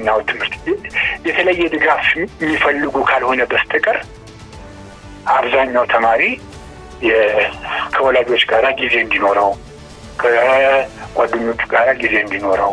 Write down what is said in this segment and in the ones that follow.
የዋናው ትምህርት ቤት የተለየ ድጋፍ የሚፈልጉ ካልሆነ በስተቀር አብዛኛው ተማሪ ከወላጆች ጋር ጊዜ እንዲኖረው ከጓደኞቹ ጋር ጊዜ እንዲኖረው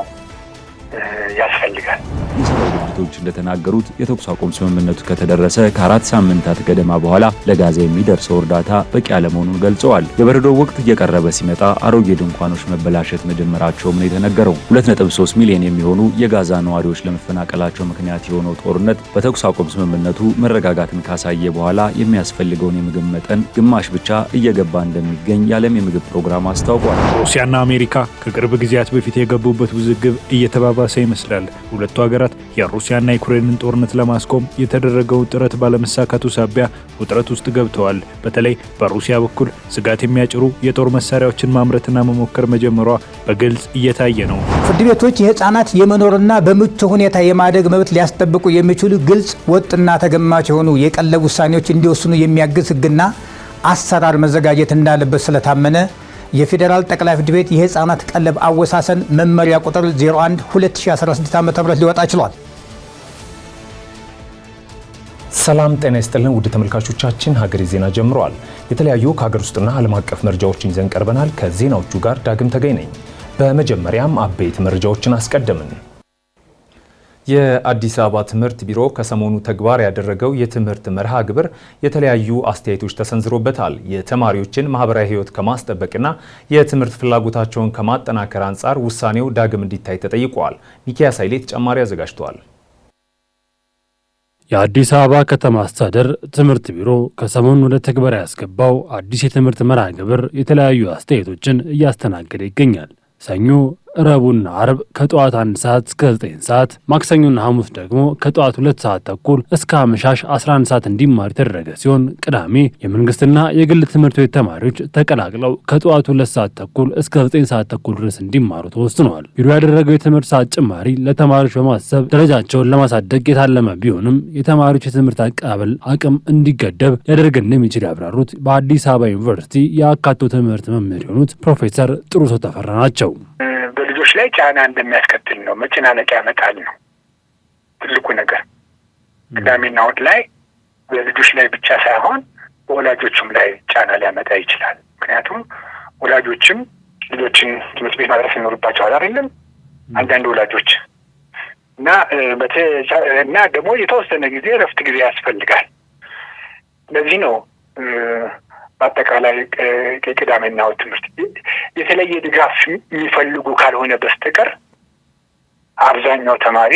ያስፈልጋል። የሰብአዊ ድርጅቶች እንደተናገሩት የተኩስ አቁም ስምምነቱ ከተደረሰ ከአራት ሳምንታት ገደማ በኋላ ለጋዛ የሚደርሰው እርዳታ በቂ አለመሆኑን ገልጸዋል። የበረዶ ወቅት እየቀረበ ሲመጣ አሮጌ ድንኳኖች መበላሸት መጀመራቸውም ነው የተነገረው። 2.3 ሚሊዮን የሚሆኑ የጋዛ ነዋሪዎች ለመፈናቀላቸው ምክንያት የሆነው ጦርነት በተኩስ አቁም ስምምነቱ መረጋጋትን ካሳየ በኋላ የሚያስፈልገውን የምግብ መጠን ግማሽ ብቻ እየገባ እንደሚገኝ የዓለም የምግብ ፕሮግራም አስታውቋል። ሩሲያና አሜሪካ ከቅርብ ጊዜያት በፊት የገቡበት ውዝግብ እየተባባሰ ይመስላል። ሁለቱ ሀገራት ሀገራት የሩሲያና የዩክሬንን ጦርነት ለማስቆም የተደረገው ጥረት ባለመሳካቱ ሳቢያ ውጥረት ውስጥ ገብተዋል። በተለይ በሩሲያ በኩል ስጋት የሚያጭሩ የጦር መሳሪያዎችን ማምረትና መሞከር መጀመሯ በግልጽ እየታየ ነው። ፍርድ ቤቶች የህፃናት የመኖርና በምቹ ሁኔታ የማደግ መብት ሊያስጠብቁ የሚችሉ ግልጽ፣ ወጥና ተገማች የሆኑ የቀለብ ውሳኔዎች እንዲወስኑ የሚያግዝ ህግና አሰራር መዘጋጀት እንዳለበት ስለታመነ የፌዴራል ጠቅላይ ፍርድ ቤት የህፃናት ቀለብ አወሳሰን መመሪያ ቁጥር 01 2016 ዓ ም ሊወጣ ችሏል። ሰላም ጤና ይስጥልን ውድ ተመልካቾቻችን፣ ሀገሬ ዜና ጀምረዋል። የተለያዩ ከሀገር ውስጥና ዓለም አቀፍ መረጃዎችን ይዘን ቀርበናል። ከዜናዎቹ ጋር ዳግም ተገኝ ነኝ። በመጀመሪያም አበይት መረጃዎችን አስቀደምን። የአዲስ አበባ ትምህርት ቢሮ ከሰሞኑ ተግባር ያደረገው የትምህርት መርሃ ግብር የተለያዩ አስተያየቶች ተሰንዝሮበታል። የተማሪዎችን ማህበራዊ ህይወት ከማስጠበቅና የትምህርት ፍላጎታቸውን ከማጠናከር አንጻር ውሳኔው ዳግም እንዲታይ ተጠይቋል። ሚኪያስ ኃይሌ ተጨማሪ አዘጋጅተዋል። የአዲስ አበባ ከተማ አስተዳደር ትምህርት ቢሮ ከሰሞኑ ወደ ተግባር ያስገባው አዲስ የትምህርት መርሃ ግብር የተለያዩ አስተያየቶችን እያስተናገደ ይገኛል። ሰኞ ረቡና አርብ ከጠዋት አንድ ሰዓት እስከ 9 ሰዓት፣ ማክሰኞና ሐሙስ ደግሞ ከጠዋት ሁለት ሰዓት ተኩል እስከ አመሻሽ 11 ሰዓት እንዲማር የተደረገ ሲሆን ቅዳሜ የመንግስትና የግል ትምህርት ቤት ተማሪዎች ተቀላቅለው ከጠዋት ሁለት ሰዓት ተኩል እስከ 9 ሰዓት ተኩል ድረስ እንዲማሩ ተወስኗል። ቢሮ ያደረገው የትምህርት ሰዓት ጭማሪ ለተማሪዎች በማሰብ ደረጃቸውን ለማሳደግ የታለመ ቢሆንም የተማሪዎች የትምህርት አቀባበል አቅም እንዲገደብ ሊያደርግ እንደሚችል ያብራሩት በአዲስ አበባ ዩኒቨርሲቲ የአካቶ ትምህርት መምህር የሆኑት ፕሮፌሰር ጥሩሰው ተፈራ ናቸው። ሰዎች ላይ ጫና እንደሚያስከትል ነው፣ መጨናነቅ ያመጣል ነው ትልቁ ነገር። ቅዳሜና እሑድ ላይ በልጆች ላይ ብቻ ሳይሆን በወላጆችም ላይ ጫና ሊያመጣ ይችላል። ምክንያቱም ወላጆችም ልጆችን ትምህርት ቤት ማድረስ ይኖርባቸዋል አይደለም አንዳንድ ወላጆች እና እና ደግሞ የተወሰነ ጊዜ እረፍት ጊዜ ያስፈልጋል። ለዚህ ነው በአጠቃላይ የቅዳሜና እሑድ ትምህርት ቤት የተለየ ድጋፍ የሚፈልጉ ካልሆነ በስተቀር አብዛኛው ተማሪ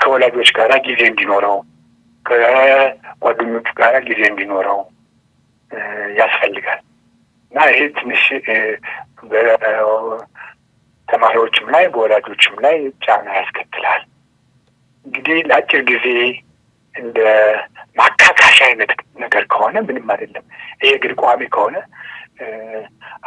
ከወላጆች ጋር ጊዜ እንዲኖረው ከጓደኞቹ ጋር ጊዜ እንዲኖረው ያስፈልጋል እና ይሄ ትንሽ በተማሪዎችም ላይ በወላጆችም ላይ ጫና ያስከትላል። እንግዲህ ለአጭር ጊዜ እንደ ማካካሻ አይነት ነገር ከሆነ ምንም አይደለም። ይሄ ግን ቋሚ ከሆነ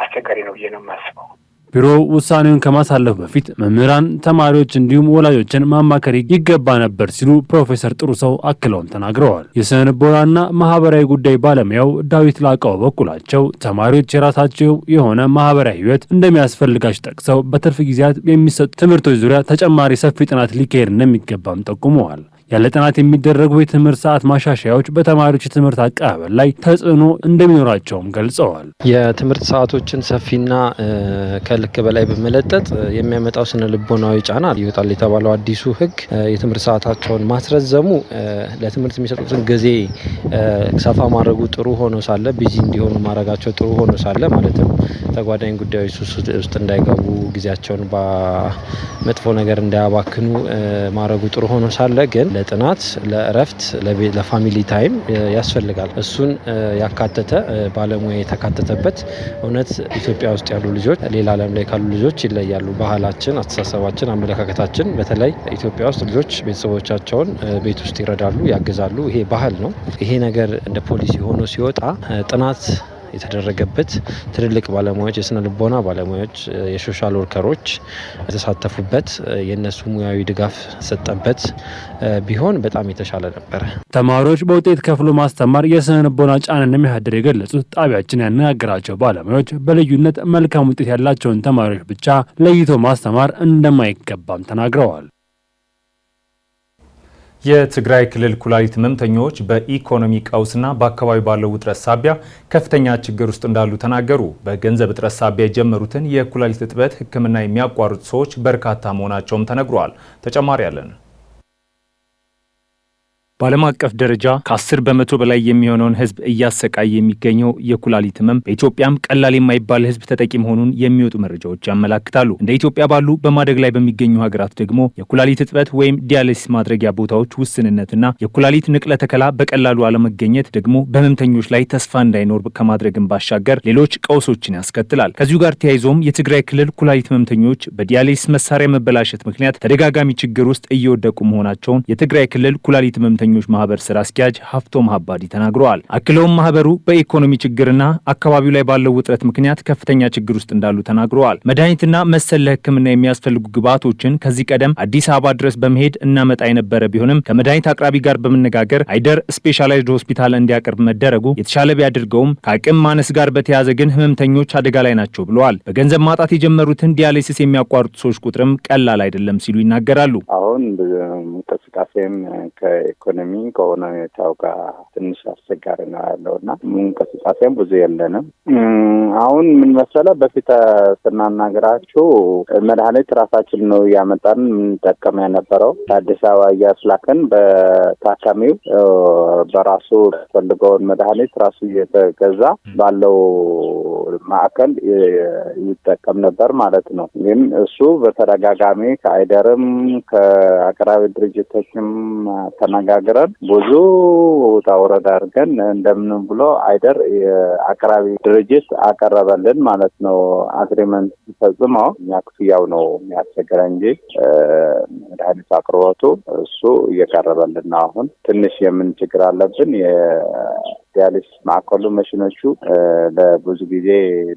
አስቸጋሪ ነው ብዬ ነው የማስበው። ቢሮ ውሳኔውን ከማሳለፉ በፊት መምህራን፣ ተማሪዎች እንዲሁም ወላጆችን ማማከር ይገባ ነበር ሲሉ ፕሮፌሰር ጥሩ ሰው አክለውም ተናግረዋል። የስነልቦናና ማህበራዊ ጉዳይ ባለሙያው ዳዊት ላቀው በኩላቸው ተማሪዎች የራሳቸው የሆነ ማህበራዊ ህይወት እንደሚያስፈልጋቸው ጠቅሰው በትርፍ ጊዜያት የሚሰጡ ትምህርቶች ዙሪያ ተጨማሪ ሰፊ ጥናት ሊካሄድ እንደሚገባም ጠቁመዋል። ያለ ጥናት የሚደረጉ የትምህርት ሰዓት ማሻሻያዎች በተማሪዎች የትምህርት አቀባበል ላይ ተጽዕኖ እንደሚኖራቸውም ገልጸዋል። የትምህርት ሰዓቶችን ሰፊና ከልክ በላይ በመለጠጥ የሚያመጣው ስነ ልቦናዊ ጫና ይወጣል የተባለው አዲሱ ህግ የትምህርት ሰዓታቸውን ማስረዘሙ ለትምህርት የሚሰጡትን ጊዜ ሰፋ ማድረጉ ጥሩ ሆኖ ሳለ ቢዚ እንዲሆኑ ማድረጋቸው ጥሩ ሆኖ ሳለ ማለትም ተጓዳኝ ጉዳዮች ውስጥ እንዳይገቡ ጊዜያቸውን በመጥፎ ነገር እንዳያባክኑ ማድረጉ ጥሩ ሆኖ ሳለ ግን ለጥናት፣ ለእረፍት፣ ለፋሚሊ ታይም ያስፈልጋል። እሱን ያካተተ ባለሙያ የተካተተበት እውነት ኢትዮጵያ ውስጥ ያሉ ልጆች ሌላ ዓለም ላይ ካሉ ልጆች ይለያሉ። ባህላችን፣ አስተሳሰባችን፣ አመለካከታችን በተለይ ኢትዮጵያ ውስጥ ልጆች ቤተሰቦቻቸውን ቤት ውስጥ ይረዳሉ፣ ያግዛሉ። ይሄ ባህል ነው። ይሄ ነገር እንደ ፖሊሲ ሆኖ ሲወጣ ጥናት የተደረገበት ትልልቅ ባለሙያዎች፣ የስነ ልቦና ባለሙያዎች፣ የሶሻል ወርከሮች የተሳተፉበት የእነሱ ሙያዊ ድጋፍ ሰጠበት ቢሆን በጣም የተሻለ ነበረ። ተማሪዎች በውጤት ከፍሎ ማስተማር የስነ ልቦና ጫን እንደሚያሳድር የገለጹት ጣቢያችን ያነጋገራቸው ባለሙያዎች በልዩነት መልካም ውጤት ያላቸውን ተማሪዎች ብቻ ለይቶ ማስተማር እንደማይገባም ተናግረዋል። የትግራይ ክልል ኩላሊት ህመምተኞች በኢኮኖሚ ቀውስና በአካባቢ ባለው ውጥረት ሳቢያ ከፍተኛ ችግር ውስጥ እንዳሉ ተናገሩ። በገንዘብ እጥረት ሳቢያ የጀመሩትን የኩላሊት እጥበት ህክምና የሚያቋርጡ ሰዎች በርካታ መሆናቸውም ተነግሯል። ተጨማሪ አለን። በዓለም አቀፍ ደረጃ ከ10 በመቶ በላይ የሚሆነውን ህዝብ እያሰቃየ የሚገኘው የኩላሊት ህመም በኢትዮጵያም ቀላል የማይባል ህዝብ ተጠቂ መሆኑን የሚወጡ መረጃዎች ያመላክታሉ። እንደ ኢትዮጵያ ባሉ በማደግ ላይ በሚገኙ ሀገራት ደግሞ የኩላሊት እጥበት ወይም ዲያሊሲስ ማድረጊያ ቦታዎች ውስንነትና የኩላሊት ንቅለ ተከላ በቀላሉ አለመገኘት ደግሞ በህመምተኞች ላይ ተስፋ እንዳይኖር ከማድረግን ባሻገር ሌሎች ቀውሶችን ያስከትላል። ከዚሁ ጋር ተያይዞም የትግራይ ክልል ኩላሊት ህመምተኞች በዲያሊሲስ መሳሪያ መበላሸት ምክንያት ተደጋጋሚ ችግር ውስጥ እየወደቁ መሆናቸውን የትግራይ ክልል ኩላሊት ህመምተኞች ሰራተኞች ማህበር ስራ አስኪያጅ ሀፍቶ ማሀባዲ ተናግረዋል። አክለውም ማህበሩ በኢኮኖሚ ችግርና አካባቢው ላይ ባለው ውጥረት ምክንያት ከፍተኛ ችግር ውስጥ እንዳሉ ተናግረዋል። መድኃኒትና መሰል ለሕክምና የሚያስፈልጉ ግብዓቶችን ከዚህ ቀደም አዲስ አበባ ድረስ በመሄድ እናመጣ የነበረ ቢሆንም ከመድኃኒት አቅራቢ ጋር በመነጋገር አይደር ስፔሻላይዝድ ሆስፒታል እንዲያቀርብ መደረጉ የተሻለ ቢያደርገውም ከአቅም ማነስ ጋር በተያያዘ ግን ህመምተኞች አደጋ ላይ ናቸው ብለዋል። በገንዘብ ማጣት የጀመሩትን ዲያሊሲስ የሚያቋርጡ ሰዎች ቁጥርም ቀላል አይደለም ሲሉ ይናገራሉ። አሁን እንቅስቃሴም ኢኮኖሚ ሁኔታው ጋር ትንሽ አስቸጋሪ ነው ያለው እና እንቅስቃሴም ብዙ የለንም። አሁን ምን መሰለ በፊት ስናናገራችሁ መድኃኒት ራሳችን ነው እያመጣን የምንጠቀም የነበረው። አዲስ አበባ እያስላክን በታካሚው በራሱ ፈልገውን መድኃኒት ራሱ እየተገዛ ባለው ማዕከል ይጠቀም ነበር ማለት ነው። ግን እሱ በተደጋጋሚ ከአይደርም ከአቅራቢ ድርጅቶችም ተነጋግ ተነጋግረን ብዙ ውጣ ውረድ አድርገን እንደምንም ብሎ አይደር የአቅራቢ ድርጅት አቀረበልን ማለት ነው። አግሪመንት ሲፈጽመው እኛ ክፍያው ነው የሚያስቸግረ እንጂ መድኃኒቱ አቅርቦቱ እሱ እየቀረበልን ነው። አሁን ትንሽ የምን ችግር አለብን ዲያሊስ ማዕከሉ መሽኖቹ ለብዙ ጊዜ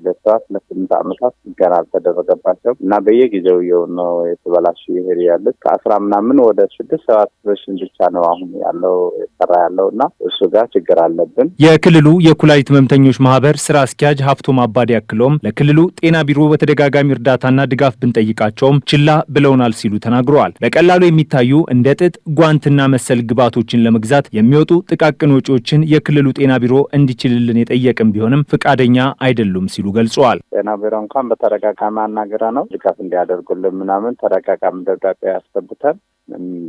ለሰባት ለስምንት ዓመታት ገና አልተደረገባቸው እና በየጊዜው የሆነ የተበላሽ ይሄድ ያለት ከአስራ ምናምን ወደ ስድስት ሰባት ፐርሰንት ብቻ ነው አሁን ያለው የተሰራ ያለው እና እሱ ጋር ችግር አለብን። የክልሉ የኩላሊት ህመምተኞች ማህበር ስራ አስኪያጅ ሀብቶ ማባዴ ያክለውም ለክልሉ ጤና ቢሮ በተደጋጋሚ እርዳታና ድጋፍ ብንጠይቃቸውም ችላ ብለውናል ሲሉ ተናግረዋል። በቀላሉ የሚታዩ እንደ ጥጥ፣ ጓንትና መሰል ግብዓቶችን ለመግዛት የሚወጡ ጥቃቅን ወጪዎችን የክልሉ ጤና ቢሮ እንዲችልልን የጠየቅም ቢሆንም ፈቃደኛ አይደሉም ሲሉ ገልጸዋል። ጤና ቢሮ እንኳን በተደጋጋሚ አናገራ ነው ድጋፍ እንዲያደርጉልን ምናምን ተደጋጋሚ ደብዳቤ ያስገቡታል።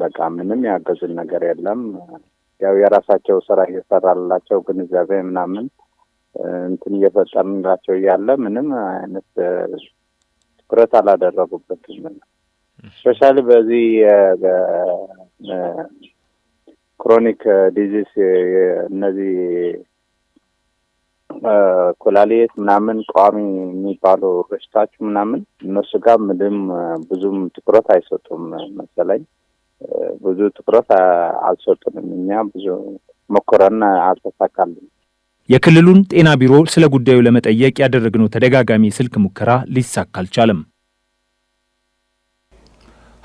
በቃ ምንም ያገዙን ነገር የለም። ያው የራሳቸው ስራ እየሰራላቸው ግንዛቤ ምናምን እንትን እየፈጠርንላቸው እያለ ምንም አይነት ትኩረት አላደረጉበትም። ስፔሻሊ በዚህ ክሮኒክ ዲዚስ እነዚህ ኩላሊት ምናምን ቋሚ የሚባሉ በሽታችሁ ምናምን እነሱ ጋር ምንም ብዙም ትኩረት አይሰጡም መሰለኝ። ብዙ ትኩረት አልሰጡንም። እኛ ብዙ ሞክረን አልተሳካልንም። የክልሉን ጤና ቢሮ ስለ ጉዳዩ ለመጠየቅ ያደረግነው ተደጋጋሚ ስልክ ሙከራ ሊሳካ አልቻለም።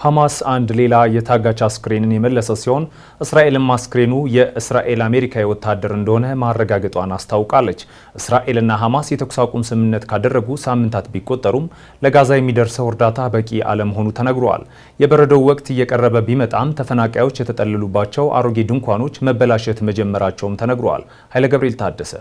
ሐማስ አንድ ሌላ የታጋች አስክሬንን የመለሰ ሲሆን እስራኤልም አስክሬኑ የእስራኤል አሜሪካዊ ወታደር እንደሆነ ማረጋገጧን አስታውቃለች። እስራኤልና ሐማስ የተኩስ አቁም ስምምነት ካደረጉ ሳምንታት ቢቆጠሩም ለጋዛ የሚደርሰው እርዳታ በቂ አለመሆኑ ተነግሯል። የበረዶው ወቅት እየቀረበ ቢመጣም ተፈናቃዮች የተጠለሉባቸው አሮጌ ድንኳኖች መበላሸት መጀመራቸውም ተነግሯል። ኃይለ ገብርኤል ታደሰ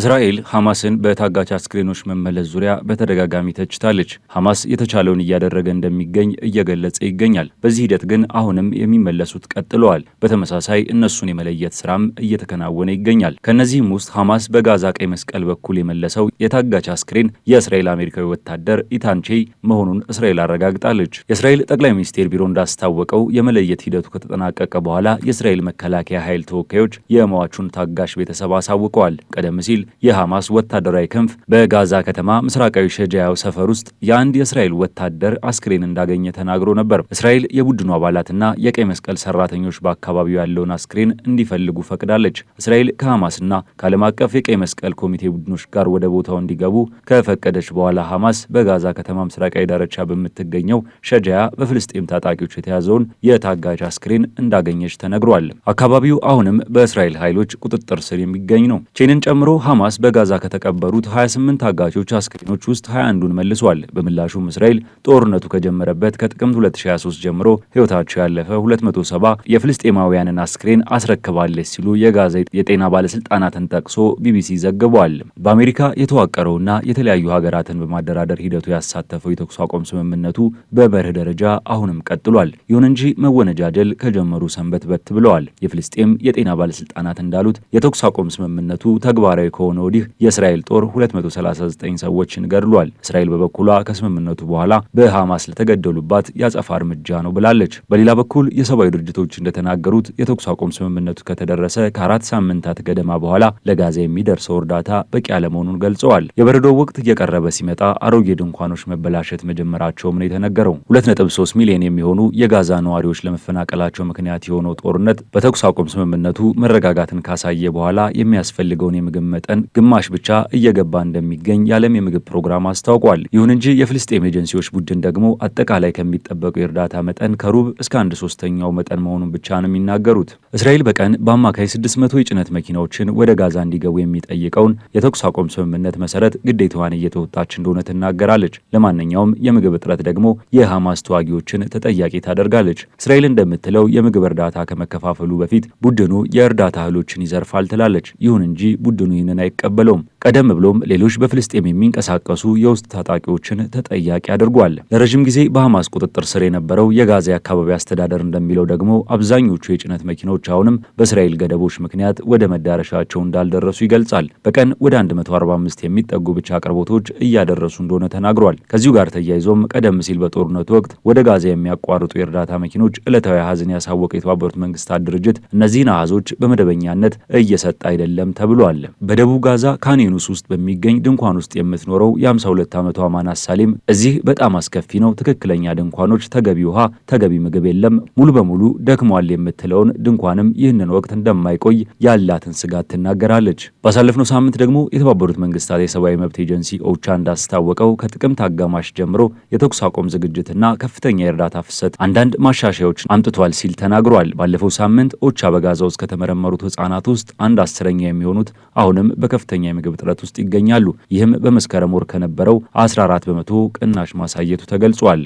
እስራኤል ሐማስን በታጋች አስክሬኖች መመለስ ዙሪያ በተደጋጋሚ ተችታለች። ሐማስ የተቻለውን እያደረገ እንደሚገኝ እየገለጸ ይገኛል። በዚህ ሂደት ግን አሁንም የሚመለሱት ቀጥለዋል። በተመሳሳይ እነሱን የመለየት ስራም እየተከናወነ ይገኛል። ከእነዚህም ውስጥ ሐማስ በጋዛ ቀይ መስቀል በኩል የመለሰው የታጋች አስክሬን የእስራኤል አሜሪካዊ ወታደር ኢታንቼ መሆኑን እስራኤል አረጋግጣለች። የእስራኤል ጠቅላይ ሚኒስቴር ቢሮ እንዳስታወቀው የመለየት ሂደቱ ከተጠናቀቀ በኋላ የእስራኤል መከላከያ ኃይል ተወካዮች የሟቹን ታጋሽ ቤተሰብ አሳውቀዋል። ቀደም ሲል የሐማስ ወታደራዊ ክንፍ በጋዛ ከተማ ምስራቃዊ ሸጃያው ሰፈር ውስጥ የአንድ የእስራኤል ወታደር አስክሬን እንዳገኘ ተናግሮ ነበር። እስራኤል የቡድኑ አባላትና የቀይ መስቀል ሰራተኞች በአካባቢው ያለውን አስክሬን እንዲፈልጉ ፈቅዳለች። እስራኤል ከሐማስና ከዓለም አቀፍ የቀይ መስቀል ኮሚቴ ቡድኖች ጋር ወደ ቦታው እንዲገቡ ከፈቀደች በኋላ ሐማስ በጋዛ ከተማ ምስራቃዊ ዳርቻ በምትገኘው ሸጃያ በፍልስጤም ታጣቂዎች የተያዘውን የታጋጅ አስክሬን እንዳገኘች ተነግሯል። አካባቢው አሁንም በእስራኤል ኃይሎች ቁጥጥር ስር የሚገኝ ነው። ቼንን ጨምሮ ሐማስ በጋዛ ከተቀበሩት 28 ታጋቾች አስክሬኖች ውስጥ 21ዱን መልሷል። በምላሹም እስራኤል ጦርነቱ ከጀመረበት ከጥቅምት 2023 ጀምሮ ሕይወታቸው ያለፈ 270 የፍልስጤማውያንን አስክሬን አስረክባለች ሲሉ የጋዛ የጤና ባለስልጣናትን ጠቅሶ ቢቢሲ ዘግቧል። በአሜሪካ የተዋቀረውና የተለያዩ ሀገራትን በማደራደር ሂደቱ ያሳተፈው የተኩስ አቁም ስምምነቱ በመርህ ደረጃ አሁንም ቀጥሏል። ይሁን እንጂ መወነጃጀል ከጀመሩ ሰንበት በት ብለዋል። የፍልስጤም የጤና ባለስልጣናት እንዳሉት የተኩስ አቁም ስምምነቱ ተግባራዊ ከሆነ ወዲህ የእስራኤል ጦር 239 ሰዎችን ገድሏል። እስራኤል በበኩሏ ከስምምነቱ በኋላ በሐማስ ለተገደሉባት ያጸፋ እርምጃ ነው ብላለች። በሌላ በኩል የሰብአዊ ድርጅቶች እንደተናገሩት የተኩስ አቁም ስምምነቱ ከተደረሰ ከአራት ሳምንታት ገደማ በኋላ ለጋዛ የሚደርሰው እርዳታ በቂ አለመሆኑን ገልጸዋል። የበረዶው ወቅት እየቀረበ ሲመጣ አሮጌ ድንኳኖች መበላሸት መጀመራቸውም ነው የተነገረው። 2.3 ሚሊዮን የሚሆኑ የጋዛ ነዋሪዎች ለመፈናቀላቸው ምክንያት የሆነው ጦርነት በተኩስ አቁም ስምምነቱ መረጋጋትን ካሳየ በኋላ የሚያስፈልገውን የምግብ መጠን ቀን ግማሽ ብቻ እየገባ እንደሚገኝ የዓለም የምግብ ፕሮግራም አስታውቋል። ይሁን እንጂ የፍልስጤም ኤጀንሲዎች ቡድን ደግሞ አጠቃላይ ከሚጠበቀው የእርዳታ መጠን ከሩብ እስከ አንድ ሶስተኛው መጠን መሆኑን ብቻ ነው የሚናገሩት። እስራኤል በቀን በአማካይ 600 የጭነት መኪናዎችን ወደ ጋዛ እንዲገቡ የሚጠይቀውን የተኩስ አቁም ስምምነት መሰረት ግዴታዋን እየተወጣች እንደሆነ ትናገራለች። ለማንኛውም የምግብ እጥረት ደግሞ የሐማስ ተዋጊዎችን ተጠያቂ ታደርጋለች። እስራኤል እንደምትለው የምግብ እርዳታ ከመከፋፈሉ በፊት ቡድኑ የእርዳታ እህሎችን ይዘርፋል ትላለች። ይሁን እንጂ ቡድኑ ይህንን ይቀበለውም ቀደም ብሎም ሌሎች በፍልስጤም የሚንቀሳቀሱ የውስጥ ታጣቂዎችን ተጠያቂ አድርጓል። ለረዥም ጊዜ በሐማስ ቁጥጥር ስር የነበረው የጋዛ አካባቢ አስተዳደር እንደሚለው ደግሞ አብዛኞቹ የጭነት መኪኖች አሁንም በእስራኤል ገደቦች ምክንያት ወደ መዳረሻቸው እንዳልደረሱ ይገልጻል። በቀን ወደ 145 የሚጠጉ ብቻ አቅርቦቶች እያደረሱ እንደሆነ ተናግሯል። ከዚሁ ጋር ተያይዞም ቀደም ሲል በጦርነቱ ወቅት ወደ ጋዛ የሚያቋርጡ የእርዳታ መኪኖች ዕለታዊ አሃዝን ያሳወቀ የተባበሩት መንግስታት ድርጅት እነዚህን አሃዞች በመደበኛነት እየሰጠ አይደለም ተብሏል። በደቡብ ጋዛ ካን ቬኑስ ውስጥ በሚገኝ ድንኳን ውስጥ የምትኖረው የ52 ዓመቷ ማና ሳሌም እዚህ በጣም አስከፊ ነው፣ ትክክለኛ ድንኳኖች፣ ተገቢ ውሃ፣ ተገቢ ምግብ የለም፣ ሙሉ በሙሉ ደክሟል የምትለውን ድንኳንም ይህንን ወቅት እንደማይቆይ ያላትን ስጋት ትናገራለች። ባሳለፍነው ሳምንት ደግሞ የተባበሩት መንግስታት የሰብአዊ መብት ኤጀንሲ ኦቻ እንዳስታወቀው ከጥቅምት አጋማሽ ጀምሮ የተኩስ አቁም ዝግጅትና ከፍተኛ የእርዳታ ፍሰት አንዳንድ ማሻሻያዎች አምጥቷል ሲል ተናግሯል። ባለፈው ሳምንት ኦቻ በጋዛ ውስጥ ከተመረመሩት ህጻናት ውስጥ አንድ አስረኛ የሚሆኑት አሁንም በከፍተኛ የምግብ እጥረት ውስጥ ይገኛሉ። ይህም በመስከረም ወር ከነበረው 14 በመቶ ቅናሽ ማሳየቱ ተገልጿል።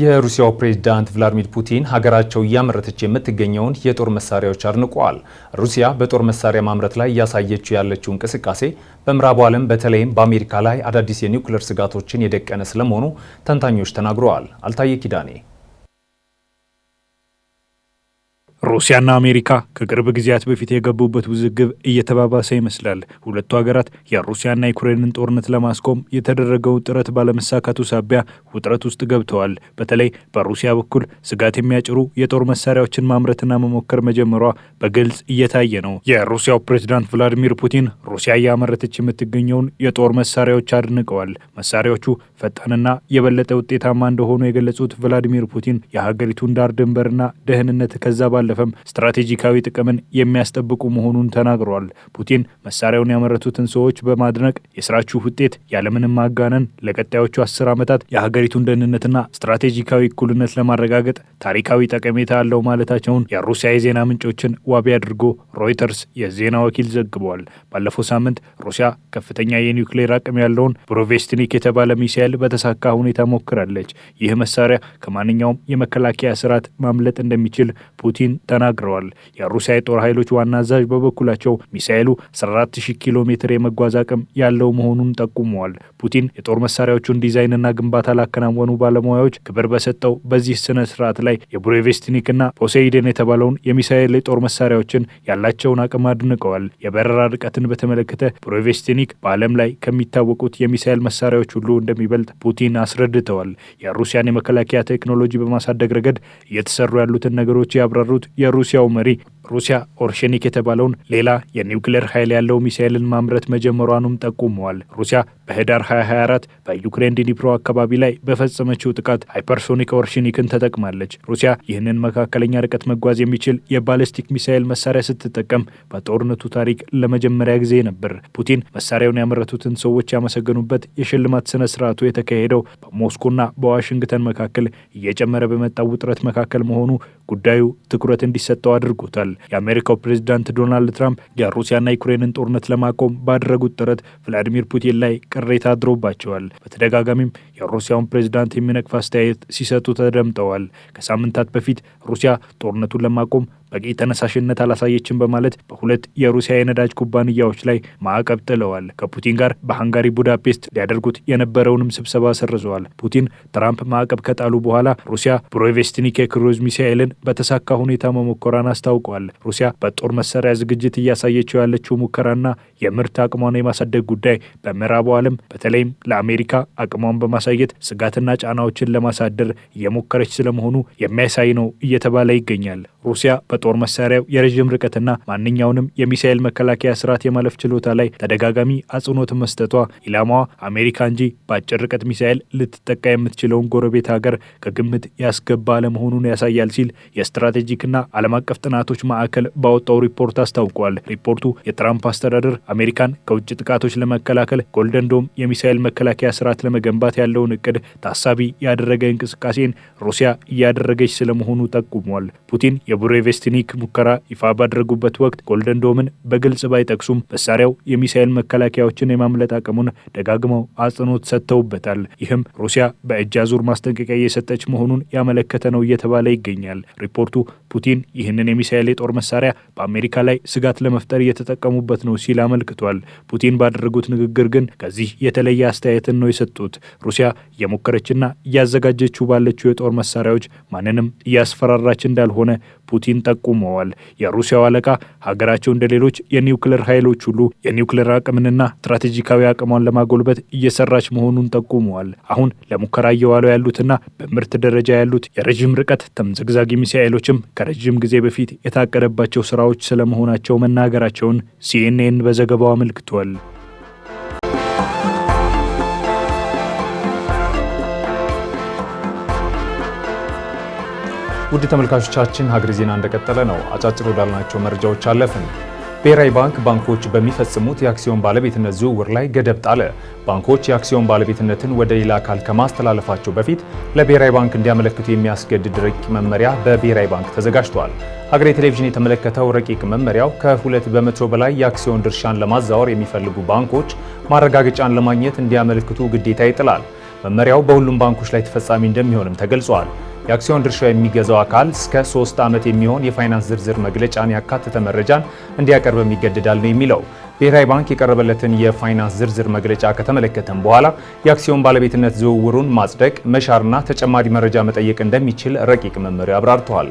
የሩሲያው ፕሬዝዳንት ቭላዲሚር ፑቲን ሀገራቸው እያመረተች የምትገኘውን የጦር መሳሪያዎች አድንቀዋል። ሩሲያ በጦር መሳሪያ ማምረት ላይ እያሳየችው ያለችው እንቅስቃሴ በምዕራቡ ዓለም በተለይም በአሜሪካ ላይ አዳዲስ የኒውክሌር ስጋቶችን የደቀነ ስለመሆኑ ተንታኞች ተናግረዋል። አልታየ ኪዳኔ ሩሲያና አሜሪካ ከቅርብ ጊዜያት በፊት የገቡበት ውዝግብ እየተባባሰ ይመስላል። ሁለቱ ሀገራት የሩሲያና ዩክሬንን ጦርነት ለማስቆም የተደረገውን ጥረት ባለመሳካቱ ሳቢያ ውጥረት ውስጥ ገብተዋል። በተለይ በሩሲያ በኩል ስጋት የሚያጭሩ የጦር መሳሪያዎችን ማምረትና መሞከር መጀመሯ በግልጽ እየታየ ነው። የሩሲያው ፕሬዝዳንት ቭላዲሚር ፑቲን ሩሲያ እያመረተች የምትገኘውን የጦር መሳሪያዎች አድንቀዋል። መሳሪያዎቹ ፈጣንና የበለጠ ውጤታማ እንደሆኑ የገለጹት ቭላዲሚር ፑቲን የሀገሪቱን ዳር ድንበርና ደህንነት ከዛ ባለፈ በተረፈም ስትራቴጂካዊ ጥቅምን የሚያስጠብቁ መሆኑን ተናግሯል። ፑቲን መሳሪያውን ያመረቱትን ሰዎች በማድነቅ የስራችሁ ውጤት ያለምንም ማጋነን ለቀጣዮቹ አስር ዓመታት የሀገሪቱን ደህንነትና ስትራቴጂካዊ እኩልነት ለማረጋገጥ ታሪካዊ ጠቀሜታ አለው ማለታቸውን የሩሲያ የዜና ምንጮችን ዋቢ አድርጎ ሮይተርስ የዜና ወኪል ዘግበዋል። ባለፈው ሳምንት ሩሲያ ከፍተኛ የኒውክሌር አቅም ያለውን ብሮቬስትኒክ የተባለ ሚሳይል በተሳካ ሁኔታ ሞክራለች። ይህ መሳሪያ ከማንኛውም የመከላከያ ስርዓት ማምለጥ እንደሚችል ፑቲን ተናግረዋል። የሩሲያ የጦር ኃይሎች ዋና አዛዥ በበኩላቸው ሚሳኤሉ 14000 ኪሎ ሜትር የመጓዝ አቅም ያለው መሆኑን ጠቁመዋል። ፑቲን የጦር መሳሪያዎቹን ዲዛይንና ግንባታ ላከናወኑ ባለሙያዎች ክብር በሰጠው በዚህ ስነ ስርዓት ላይ የቡሬቬስትኒክና ፖሴይደን የተባለውን የሚሳኤል የጦር መሳሪያዎችን ያላቸውን አቅም አድንቀዋል። የበረራ ርቀትን በተመለከተ ቡሬቬስትኒክ በዓለም ላይ ከሚታወቁት የሚሳኤል መሳሪያዎች ሁሉ እንደሚበልጥ ፑቲን አስረድተዋል። የሩሲያን የመከላከያ ቴክኖሎጂ በማሳደግ ረገድ እየተሰሩ ያሉትን ነገሮች ያብራሩት የሩሲያው መሪ ሩሲያ ኦርሼኒክ የተባለውን ሌላ የኒውክሌር ኃይል ያለው ሚሳኤልን ማምረት መጀመሯንም ጠቁመዋል። ሩሲያ በህዳር 2024 በዩክሬን ዲኒፕሮ አካባቢ ላይ በፈጸመችው ጥቃት ሃይፐርሶኒክ ኦርሽኒክን ተጠቅማለች። ሩሲያ ይህንን መካከለኛ ርቀት መጓዝ የሚችል የባለስቲክ ሚሳኤል መሳሪያ ስትጠቀም በጦርነቱ ታሪክ ለመጀመሪያ ጊዜ ነበር። ፑቲን መሳሪያውን ያመረቱትን ሰዎች ያመሰገኑበት የሽልማት ስነ ስርዓቱ የተካሄደው በሞስኮና በዋሽንግተን መካከል እየጨመረ በመጣው ውጥረት መካከል መሆኑ ጉዳዩ ትኩረት እንዲሰጠው አድርጎታል። የአሜሪካው ፕሬዚዳንት ዶናልድ ትራምፕ የሩሲያና ዩክሬንን ጦርነት ለማቆም ባደረጉት ጥረት ቭላዲሚር ፑቲን ላይ ቅሬታ አድሮባቸዋል። በተደጋጋሚም የሩሲያውን ፕሬዚዳንት የሚነቅፍ አስተያየት ሲሰጡ ተደምጠዋል። ከሳምንታት በፊት ሩሲያ ጦርነቱን ለማቆም በቂ ተነሳሽነት አላሳየችም በማለት በሁለት የሩሲያ የነዳጅ ኩባንያዎች ላይ ማዕቀብ ጥለዋል። ከፑቲን ጋር በሃንጋሪ ቡዳፔስት ሊያደርጉት የነበረውንም ስብሰባ ሰርዘዋል። ፑቲን ትራምፕ ማዕቀብ ከጣሉ በኋላ ሩሲያ ብሮቬስትኒክ የክሩዝ ሚሳኤልን በተሳካ ሁኔታ መሞከሯን አስታውቋል። ሩሲያ በጦር መሳሪያ ዝግጅት እያሳየችው ያለችው ሙከራና የምርት አቅሟን የማሳደግ ጉዳይ በምዕራቡ ዓለም በተለይም ለአሜሪካ አቅሟን በማሳየት ስጋትና ጫናዎችን ለማሳደር እየሞከረች ስለመሆኑ የሚያሳይ ነው እየተባለ ይገኛል። ሩሲያ በጦር መሳሪያው የረዥም ርቀትና ማንኛውንም የሚሳኤል መከላከያ ስርዓት የማለፍ ችሎታ ላይ ተደጋጋሚ አጽንኦት መስጠቷ ኢላማዋ አሜሪካ እንጂ በአጭር ርቀት ሚሳኤል ልትጠቃ የምትችለውን ጎረቤት ሀገር ከግምት ያስገባ አለመሆኑን ያሳያል ሲል የስትራቴጂክና ዓለም አቀፍ ጥናቶች ማዕከል ባወጣው ሪፖርት አስታውቋል። ሪፖርቱ የትራምፕ አስተዳደር አሜሪካን ከውጭ ጥቃቶች ለመከላከል ጎልደን ዶም የሚሳኤል መከላከያ ስርዓት ለመገንባት ያለውን እቅድ ታሳቢ ያደረገ እንቅስቃሴን ሩሲያ እያደረገች ስለመሆኑ ጠቁሟል። ፑቲን የቡሬ ቬስትኒክ ሙከራ ይፋ ባደረጉበት ወቅት ጎልደን ዶምን በግልጽ ባይጠቅሱም መሳሪያው የሚሳኤል መከላከያዎችን የማምለጥ አቅሙን ደጋግመው አጽንኦት ሰጥተውበታል። ይህም ሩሲያ በእጅ አዙር ማስጠንቀቂያ እየሰጠች መሆኑን ያመለከተ ነው እየተባለ ይገኛል። ሪፖርቱ ፑቲን ይህንን የሚሳኤል የጦር መሳሪያ በአሜሪካ ላይ ስጋት ለመፍጠር እየተጠቀሙበት ነው ሲል አመልክቷል። ፑቲን ባደረጉት ንግግር ግን ከዚህ የተለየ አስተያየትን ነው የሰጡት። ሩሲያ እየሞከረችና እያዘጋጀችው ባለችው የጦር መሳሪያዎች ማንንም እያስፈራራች እንዳልሆነ ፑቲን ጠቁመዋል። የሩሲያው አለቃ ሀገራቸው እንደ ሌሎች የኒውክሌር ኃይሎች ሁሉ የኒውክሌር አቅምንና ስትራቴጂካዊ አቅሟን ለማጎልበት እየሰራች መሆኑን ጠቁመዋል። አሁን ለሙከራ እየዋሉ ያሉትና በምርት ደረጃ ያሉት የረዥም ርቀት ተምዘግዛጊ ሚሳኤሎችም ከረዥም ጊዜ በፊት የታቀደባቸው ስራዎች ስለመሆናቸው መናገራቸውን ሲኤንኤን በዘገባው አመልክቷል። ውድ ተመልካቾቻችን ሀገር ዜና እንደቀጠለ ነው። አጫጭር ወዳልናቸው መረጃዎች አለፍን። ብሔራዊ ባንክ ባንኮች በሚፈጽሙት የአክሲዮን ባለቤትነት ዝውውር ላይ ገደብ ጣለ። ባንኮች የአክሲዮን ባለቤትነትን ወደ ሌላ አካል ከማስተላለፋቸው በፊት ለብሔራዊ ባንክ እንዲያመለክቱ የሚያስገድድ ረቂቅ መመሪያ በብሔራዊ ባንክ ተዘጋጅቷል። ሀገሬ ቴሌቪዥን የተመለከተው ረቂቅ መመሪያው ከሁለት በመቶ በላይ የአክሲዮን ድርሻን ለማዛወር የሚፈልጉ ባንኮች ማረጋገጫን ለማግኘት እንዲያመለክቱ ግዴታ ይጥላል። መመሪያው በሁሉም ባንኮች ላይ ተፈጻሚ እንደሚሆንም ተገልጿል። የአክሲዮን ድርሻ የሚገዛው አካል እስከ ሶስት ዓመት የሚሆን የፋይናንስ ዝርዝር መግለጫን ያካተተ መረጃን እንዲያቀርብም ይገደዳል ነው የሚለው። ብሔራዊ ባንክ የቀረበለትን የፋይናንስ ዝርዝር መግለጫ ከተመለከተም በኋላ የአክሲዮን ባለቤትነት ዝውውሩን ማጽደቅ፣ መሻርና ተጨማሪ መረጃ መጠየቅ እንደሚችል ረቂቅ መመሪያ አብራርተዋል።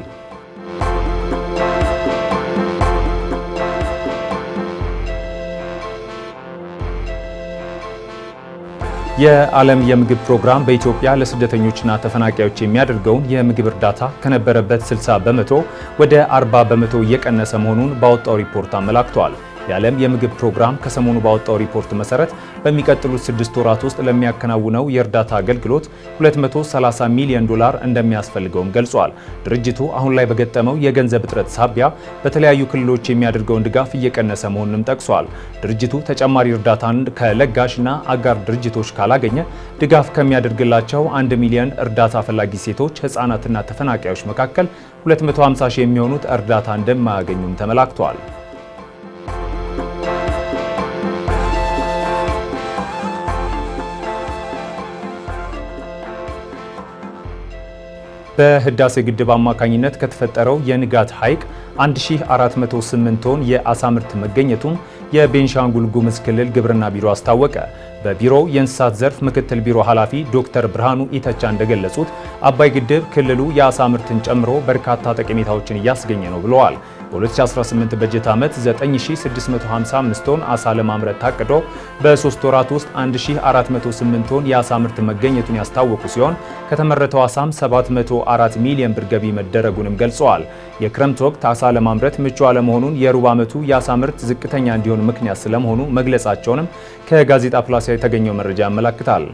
የዓለም የምግብ ፕሮግራም በኢትዮጵያ ለስደተኞችና ተፈናቃዮች የሚያደርገውን የምግብ እርዳታ ከነበረበት 60 በመቶ ወደ 40 በመቶ እየቀነሰ መሆኑን ባወጣው ሪፖርት አመላክቷል። የዓለም የምግብ ፕሮግራም ከሰሞኑ ባወጣው ሪፖርት መሰረት በሚቀጥሉት ስድስት ወራት ውስጥ ለሚያከናውነው የእርዳታ አገልግሎት 230 ሚሊዮን ዶላር እንደሚያስፈልገውም ገልጿል። ድርጅቱ አሁን ላይ በገጠመው የገንዘብ እጥረት ሳቢያ በተለያዩ ክልሎች የሚያደርገውን ድጋፍ እየቀነሰ መሆኑንም ጠቅሷል። ድርጅቱ ተጨማሪ እርዳታን ከለጋሽና አጋር ድርጅቶች ካላገኘ ድጋፍ ከሚያደርግላቸው 1 ሚሊዮን እርዳታ ፈላጊ ሴቶች፣ ህጻናትና ተፈናቃዮች መካከል 250 ሺህ የሚሆኑት እርዳታ እንደማያገኙም ተመላክቷል። በህዳሴ ግድብ አማካኝነት ከተፈጠረው የንጋት ሐይቅ 1408 ቶን የአሳ ምርት መገኘቱን የቤንሻንጉል ጉምዝ ክልል ግብርና ቢሮ አስታወቀ። በቢሮው የእንስሳት ዘርፍ ምክትል ቢሮ ኃላፊ ዶክተር ብርሃኑ ኢተቻ እንደገለጹት አባይ ግድብ ክልሉ የአሳ ምርትን ጨምሮ በርካታ ጠቀሜታዎችን እያስገኘ ነው ብለዋል። በ2018 በጀት ዓመት 9655 ቶን አሳ ለማምረት ታቅዶ በ3 ወራት ውስጥ 1408 ቶን የአሳ ምርት መገኘቱን ያስታወቁ ሲሆን ከተመረተው አሳም 704 ሚሊዮን ብር ገቢ መደረጉንም ገልጸዋል። የክረምት ወቅት አሳ ለማምረት ምቹ አለመሆኑን፣ የሩብ ዓመቱ የአሳ ምርት ዝቅተኛ እንዲሆን ምክንያት ስለመሆኑ መግለጻቸውንም ከጋዜጣ ፕላስ የተገኘው መረጃ ያመላክታል።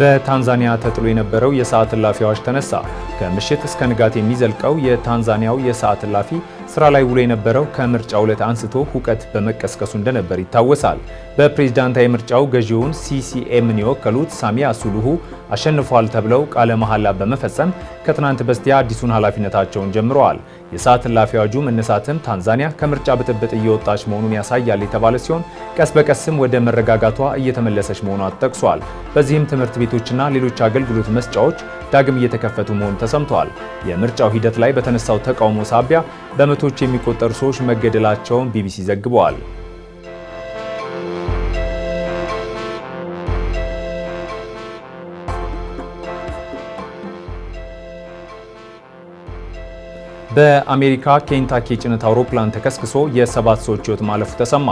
በታንዛኒያ ተጥሎ የነበረው የሰዓት እላፊ አዋጅ ተነሳ። ከምሽት እስከ ንጋት የሚዘልቀው የታንዛኒያው የሰዓት እላፊ ስራ ላይ ውሎ የነበረው ከምርጫው ዕለት አንስቶ ሁከት በመቀስቀሱ እንደነበር ይታወሳል። በፕሬዝዳንታዊ ምርጫው ገዢውን ሲሲኤምን የወከሉት ሳሚያ ሱሉሁ አሸንፏል ተብለው ቃለ መሐላ በመፈጸም ከትናንት በስቲያ አዲሱን ኃላፊነታቸውን ጀምረዋል። የሰዓት እላፊ አዋጁ መነሳትም ታንዛኒያ ከምርጫ ብጥብጥ እየወጣች መሆኑን ያሳያል የተባለ ሲሆን ቀስ በቀስም ወደ መረጋጋቷ እየተመለሰች መሆኗ ተጠቅሷል። በዚህም ትምህርት ቤቶችና ሌሎች አገልግሎት መስጫዎች ዳግም እየተከፈቱ መሆኑ ተሰምተዋል። የምርጫው ሂደት ላይ በተነሳው ተቃውሞ ሳቢያ በመቶዎች የሚቆጠሩ ሰዎች መገደላቸውን ቢቢሲ ዘግበዋል። በአሜሪካ ኬንታኪ ጭነት አውሮፕላን ተከስክሶ የሰባት ሰዎች ህይወት ማለፉ ተሰማ።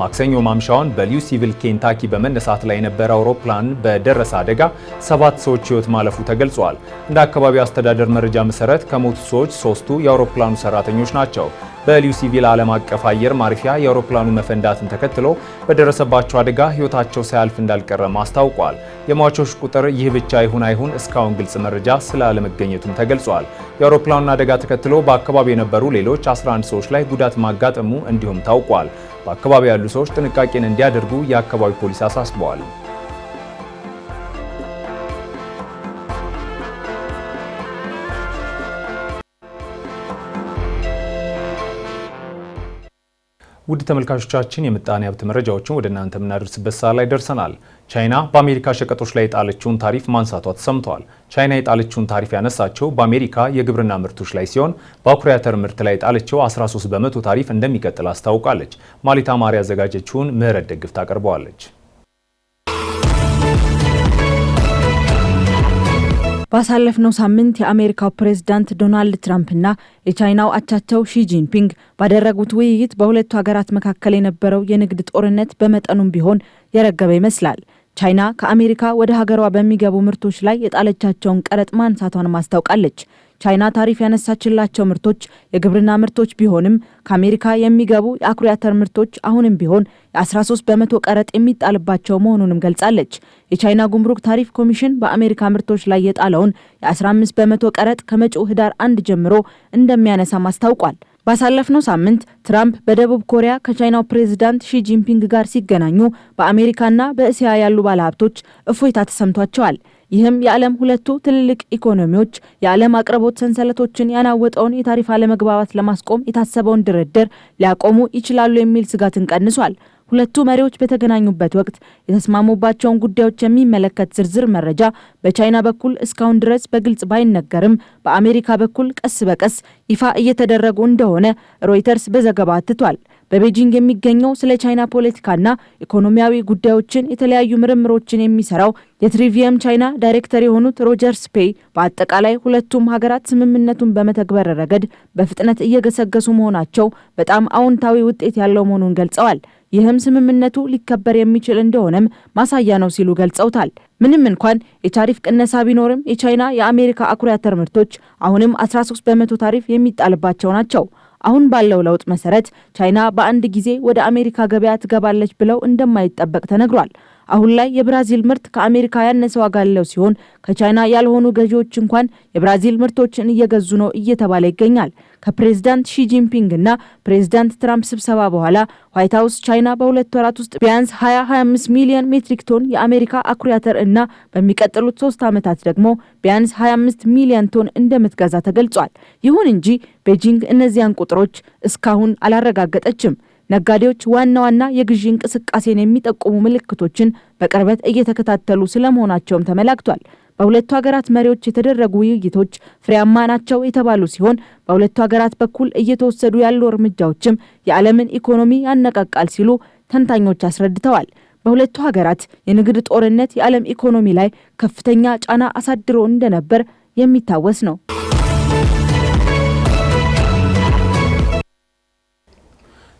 ማክሰኞ ማምሻውን በሉሲቪል ኬንታኪ በመነሳት ላይ የነበረ አውሮፕላን በደረሰ አደጋ ሰባት ሰዎች ህይወት ማለፉ ተገልጿል። እንደ አካባቢው አስተዳደር መረጃ መሰረት ከሞቱ ሰዎች ሶስቱ የአውሮፕላኑ ሰራተኞች ናቸው። በሉሲቪል ዓለም አቀፍ አየር ማረፊያ የአውሮፕላኑ መፈንዳትን ተከትሎ በደረሰባቸው አደጋ ህይወታቸው ሳያልፍ እንዳልቀረም አስታውቋል። የሟቾች ቁጥር ይህ ብቻ ይሁን አይሁን እስካሁን ግልጽ መረጃ ስላለመገኘቱም ተገልጿል። የአውሮፕላኑን አደጋ ተከትሎ በአካባቢው የነበሩ ሌሎች 11 ሰዎች ላይ ጉዳት ማጋጠሙ እንዲሁም ታውቋል። በአካባቢው ያሉ ሰዎች ጥንቃቄን እንዲያደርጉ የአካባቢው ፖሊስ አሳስበዋል። ውድ ተመልካቾቻችን የምጣኔ ሀብት መረጃዎችን ወደ እናንተ የምናደርስበት ሰዓት ላይ ደርሰናል። ቻይና በአሜሪካ ሸቀጦች ላይ የጣለችውን ታሪፍ ማንሳቷ ተሰምተዋል። ቻይና የጣለችውን ታሪፍ ያነሳቸው በአሜሪካ የግብርና ምርቶች ላይ ሲሆን በአኩሪ አተር ምርት ላይ የጣለችው 13 በመቶ ታሪፍ እንደሚቀጥል አስታውቃለች። ማሌታ ማሪ ያዘጋጀችውን ምህረት ደግፍ ታቀርበዋለች። ባሳለፍነው ሳምንት የአሜሪካው ፕሬዝዳንት ዶናልድ ትራምፕና የቻይናው አቻቸው ሺጂንፒንግ ባደረጉት ውይይት በሁለቱ ሀገራት መካከል የነበረው የንግድ ጦርነት በመጠኑም ቢሆን የረገበ ይመስላል። ቻይና ከአሜሪካ ወደ ሀገሯ በሚገቡ ምርቶች ላይ የጣለቻቸውን ቀረጥ ማንሳቷን ማስታውቃለች። ቻይና ታሪፍ ያነሳችላቸው ምርቶች የግብርና ምርቶች ቢሆንም ከአሜሪካ የሚገቡ የአኩሪ አተር ምርቶች አሁንም ቢሆን የ13 በመቶ ቀረጥ የሚጣልባቸው መሆኑንም ገልጻለች። የቻይና ጉምሩክ ታሪፍ ኮሚሽን በአሜሪካ ምርቶች ላይ የጣለውን የ15 በመቶ ቀረጥ ከመጪው ህዳር አንድ ጀምሮ እንደሚያነሳም አስታውቋል። ባሳለፍነው ሳምንት ትራምፕ በደቡብ ኮሪያ ከቻይናው ፕሬዚዳንት ሺጂንፒንግ ጋር ሲገናኙ በአሜሪካና በእስያ ያሉ ባለሀብቶች እፎይታ ተሰምቷቸዋል። ይህም የዓለም ሁለቱ ትልልቅ ኢኮኖሚዎች የዓለም አቅርቦት ሰንሰለቶችን ያናወጠውን የታሪፍ አለመግባባት ለማስቆም የታሰበውን ድርድር ሊያቆሙ ይችላሉ የሚል ስጋትን ቀንሷል። ሁለቱ መሪዎች በተገናኙበት ወቅት የተስማሙባቸውን ጉዳዮች የሚመለከት ዝርዝር መረጃ በቻይና በኩል እስካሁን ድረስ በግልጽ ባይነገርም በአሜሪካ በኩል ቀስ በቀስ ይፋ እየተደረጉ እንደሆነ ሮይተርስ በዘገባ አትቷል። በቤጂንግ የሚገኘው ስለ ቻይና ፖለቲካና ኢኮኖሚያዊ ጉዳዮችን የተለያዩ ምርምሮችን የሚሰራው የትሪቪየም ቻይና ዳይሬክተር የሆኑት ሮጀር ስፔይ በአጠቃላይ ሁለቱም ሀገራት ስምምነቱን በመተግበር ረገድ በፍጥነት እየገሰገሱ መሆናቸው በጣም አዎንታዊ ውጤት ያለው መሆኑን ገልጸዋል። ይህም ስምምነቱ ሊከበር የሚችል እንደሆነም ማሳያ ነው ሲሉ ገልጸውታል። ምንም እንኳን የታሪፍ ቅነሳ ቢኖርም የቻይና የአሜሪካ አኩሪ አተር ምርቶች አሁንም 13 በመቶ ታሪፍ የሚጣልባቸው ናቸው። አሁን ባለው ለውጥ መሰረት ቻይና በአንድ ጊዜ ወደ አሜሪካ ገበያ ትገባለች ብለው እንደማይጠበቅ ተነግሯል። አሁን ላይ የብራዚል ምርት ከአሜሪካ ያነሰ ዋጋ ያለው ሲሆን ከቻይና ያልሆኑ ገዢዎች እንኳን የብራዚል ምርቶችን እየገዙ ነው እየተባለ ይገኛል። ከፕሬዝዳንት ሺጂንፒንግ እና ፕሬዝዳንት ትራምፕ ስብሰባ በኋላ ዋይት ሀውስ ቻይና በሁለት ወራት ውስጥ ቢያንስ 225 ሚሊዮን ሜትሪክ ቶን የአሜሪካ አኩሪ አተር እና በሚቀጥሉት ሶስት ዓመታት ደግሞ ቢያንስ 25 ሚሊዮን ቶን እንደምትገዛ ተገልጿል። ይሁን እንጂ ቤጂንግ እነዚያን ቁጥሮች እስካሁን አላረጋገጠችም። ነጋዴዎች ዋና ዋና የግዢ እንቅስቃሴን የሚጠቁሙ ምልክቶችን በቅርበት እየተከታተሉ ስለመሆናቸውም ተመላክቷል። በሁለቱ ሀገራት መሪዎች የተደረጉ ውይይቶች ፍሬያማ ናቸው የተባሉ ሲሆን በሁለቱ ሀገራት በኩል እየተወሰዱ ያሉ እርምጃዎችም የዓለምን ኢኮኖሚ ያነቃቃል ሲሉ ተንታኞች አስረድተዋል። በሁለቱ ሀገራት የንግድ ጦርነት የዓለም ኢኮኖሚ ላይ ከፍተኛ ጫና አሳድሮ እንደነበር የሚታወስ ነው።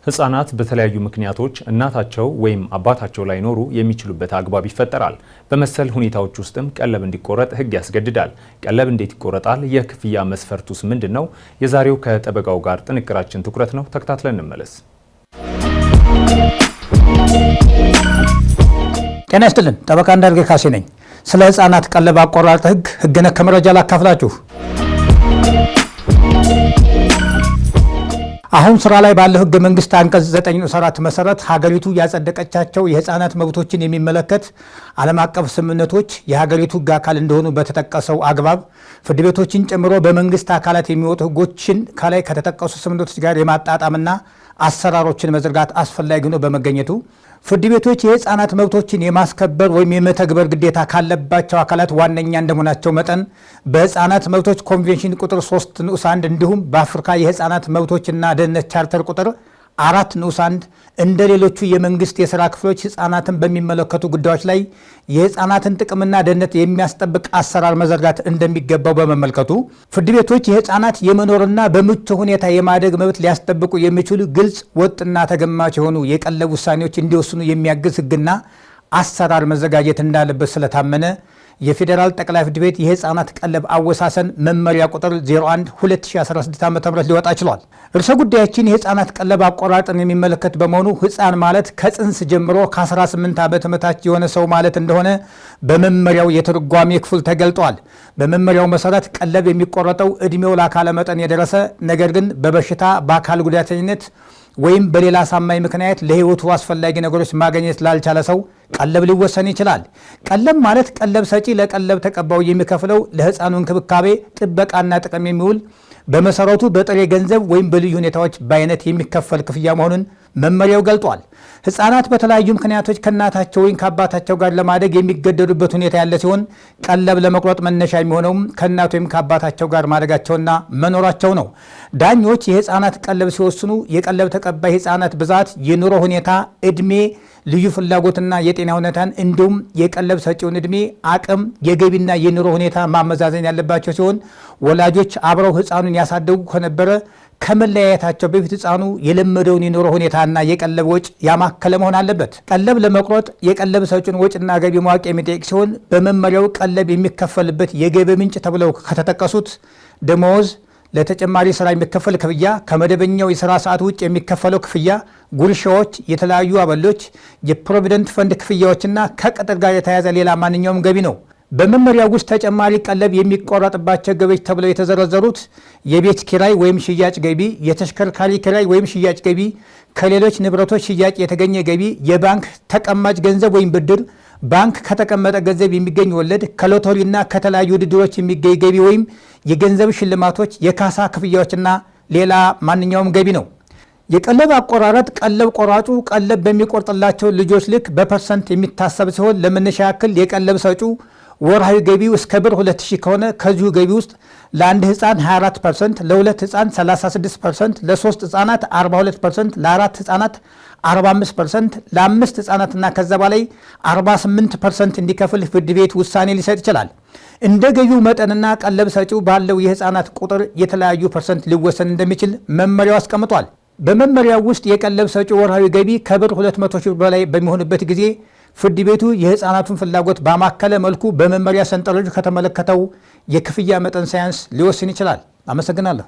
ህጻናት በተለያዩ ምክንያቶች እናታቸው ወይም አባታቸው ላይኖሩ የሚችሉበት አግባብ ይፈጠራል። በመሰል ሁኔታዎች ውስጥም ቀለብ እንዲቆረጥ ህግ ያስገድዳል። ቀለብ እንዴት ይቆረጣል? የክፍያ መስፈርቱስ ምንድን ነው? የዛሬው ከጠበቃው ጋር ጥንቅራችን ትኩረት ነው። ተከታትለን እንመለስ። ጤና ይስጥልን። ጠበቃ እንዳርጌ ካሴ ነኝ። ስለ ህጻናት ቀለብ አቆራረጥ ህግ ህግ ነክ መረጃ ላካፍላችሁ። አሁን ስራ ላይ ባለው ህገ መንግስት አንቀጽ 974 መሰረት ሀገሪቱ ያጸደቀቻቸው የህፃናት መብቶችን የሚመለከት ዓለም አቀፍ ስምምነቶች የሀገሪቱ ህግ አካል እንደሆኑ በተጠቀሰው አግባብ ፍርድ ቤቶችን ጨምሮ በመንግስት አካላት የሚወጡ ህጎችን ከላይ ከተጠቀሱ ስምምነቶች ጋር የማጣጣምና አሰራሮችን መዘርጋት አስፈላጊ ሆኖ በመገኘቱ ፍርድ ቤቶች የህፃናት መብቶችን የማስከበር ወይም የመተግበር ግዴታ ካለባቸው አካላት ዋነኛ እንደመሆናቸው መጠን በህፃናት መብቶች ኮንቬንሽን ቁጥር 3 ንዑስ 1 እንዲሁም በአፍሪካ የህፃናት መብቶችና ደህንነት ቻርተር ቁጥር አራት ንዑስ አንድ እንደ ሌሎቹ የመንግስት የሥራ ክፍሎች ሕፃናትን በሚመለከቱ ጉዳዮች ላይ የሕፃናትን ጥቅምና ደህንነት የሚያስጠብቅ አሰራር መዘርጋት እንደሚገባው በመመልከቱ ፍርድ ቤቶች የሕፃናት የመኖርና በምቹ ሁኔታ የማደግ መብት ሊያስጠብቁ የሚችሉ ግልጽ፣ ወጥና ተገማች የሆኑ የቀለብ ውሳኔዎች እንዲወስኑ የሚያግዝ ሕግና አሰራር መዘጋጀት እንዳለበት ስለታመነ የፌዴራል ጠቅላይ ፍርድ ቤት የህፃናት ቀለብ አወሳሰን መመሪያ ቁጥር 01 2016 ዓ ም ሊወጣ ችሏል። እርሰ ጉዳያችን የህፃናት ቀለብ አቆራጥን የሚመለከት በመሆኑ ህፃን ማለት ከጽንስ ጀምሮ ከ18 ዓመት በታች የሆነ ሰው ማለት እንደሆነ በመመሪያው የትርጓሜ ክፍል ተገልጧል። በመመሪያው መሰረት ቀለብ የሚቆረጠው እድሜው ለአካለ መጠን የደረሰ ነገር ግን በበሽታ በአካል ጉዳተኝነት ወይም በሌላ አሳማኝ ምክንያት ለህይወቱ አስፈላጊ ነገሮች ማግኘት ላልቻለ ሰው ቀለብ ሊወሰን ይችላል። ቀለብ ማለት ቀለብ ሰጪ ለቀለብ ተቀባው የሚከፍለው ለህፃኑ እንክብካቤ ጥበቃና ጥቅም የሚውል በመሰረቱ በጥሬ ገንዘብ ወይም በልዩ ሁኔታዎች በአይነት የሚከፈል ክፍያ መሆኑን መመሪያው ገልጧል። ሕፃናት በተለያዩ ምክንያቶች ከእናታቸው ወይም ከአባታቸው ጋር ለማደግ የሚገደዱበት ሁኔታ ያለ ሲሆን ቀለብ ለመቁረጥ መነሻ የሚሆነውም ከእናት ወይም ከአባታቸው ጋር ማደጋቸውና መኖራቸው ነው። ዳኞች የሕፃናት ቀለብ ሲወስኑ የቀለብ ተቀባይ ሕፃናት ብዛት፣ የኑሮ ሁኔታ፣ እድሜ፣ ልዩ ፍላጎትና የጤና ሁኔታን እንዲሁም የቀለብ ሰጪውን እድሜ፣ አቅም፣ የገቢና የኑሮ ሁኔታ ማመዛዘን ያለባቸው ሲሆን ወላጆች አብረው ሕፃኑን ያሳደጉ ከነበረ ከመለያየታቸው በፊት ህፃኑ የለመደውን የኑሮ ሁኔታና የቀለብ ወጭ ያማከለ መሆን አለበት። ቀለብ ለመቁረጥ የቀለብ ሰጪውን ወጭና ገቢ መዋቅ የሚጠይቅ ሲሆን በመመሪያው ቀለብ የሚከፈልበት የገቢ ምንጭ ተብለው ከተጠቀሱት ደመወዝ፣ ለተጨማሪ ስራ የሚከፈል ክፍያ፣ ከመደበኛው የስራ ሰዓት ውጭ የሚከፈለው ክፍያ፣ ጉርሻዎች፣ የተለያዩ አበሎች፣ የፕሮቪደንት ፈንድ ክፍያዎችና ከቅጥር ጋር የተያያዘ ሌላ ማንኛውም ገቢ ነው። በመመሪያ ውስጥ ተጨማሪ ቀለብ የሚቆረጥባቸው ገቢዎች ተብለው የተዘረዘሩት የቤት ኪራይ ወይም ሽያጭ ገቢ፣ የተሽከርካሪ ኪራይ ወይም ሽያጭ ገቢ፣ ከሌሎች ንብረቶች ሽያጭ የተገኘ ገቢ፣ የባንክ ተቀማጭ ገንዘብ ወይም ብድር፣ ባንክ ከተቀመጠ ገንዘብ የሚገኝ ወለድ፣ ከሎተሪና ከተለያዩ ውድድሮች የሚገኝ ገቢ ወይም የገንዘብ ሽልማቶች፣ የካሳ ክፍያዎችና ሌላ ማንኛውም ገቢ ነው። የቀለብ አቆራረጥ ቀለብ ቆራጩ ቀለብ በሚቆርጥላቸው ልጆች ልክ በፐርሰንት የሚታሰብ ሲሆን ለመነሻ ያክል የቀለብ ሰጪው ወርሃዊ ገቢው እስከ ብር 2000 ከሆነ ከዚሁ ገቢ ውስጥ ለአንድ ህፃን 24 ፐርሰንት፣ ለሁለት ህፃን 36 ፐርሰንት፣ ለሶስት ህፃናት 42 ፐርሰንት፣ ለአራት ህፃናት 45 ፐርሰንት፣ ለአምስት ህፃናትና ከዛ በላይ 48 ፐርሰንት እንዲከፍል ፍርድ ቤት ውሳኔ ሊሰጥ ይችላል። እንደ ገቢው መጠንና ቀለብ ሰጪው ባለው የህፃናት ቁጥር የተለያዩ ፐርሰንት ሊወሰን እንደሚችል መመሪያው አስቀምጧል። በመመሪያው ውስጥ የቀለብ ሰጪው ወርሃዊ ገቢ ከብር 200 ሺህ በላይ በሚሆንበት ጊዜ ፍርድ ቤቱ የህፃናቱን ፍላጎት ባማከለ መልኩ በመመሪያ ሰንጠረዡ ከተመለከተው የክፍያ መጠን ሳያንስ ሊወስን ይችላል። አመሰግናለሁ።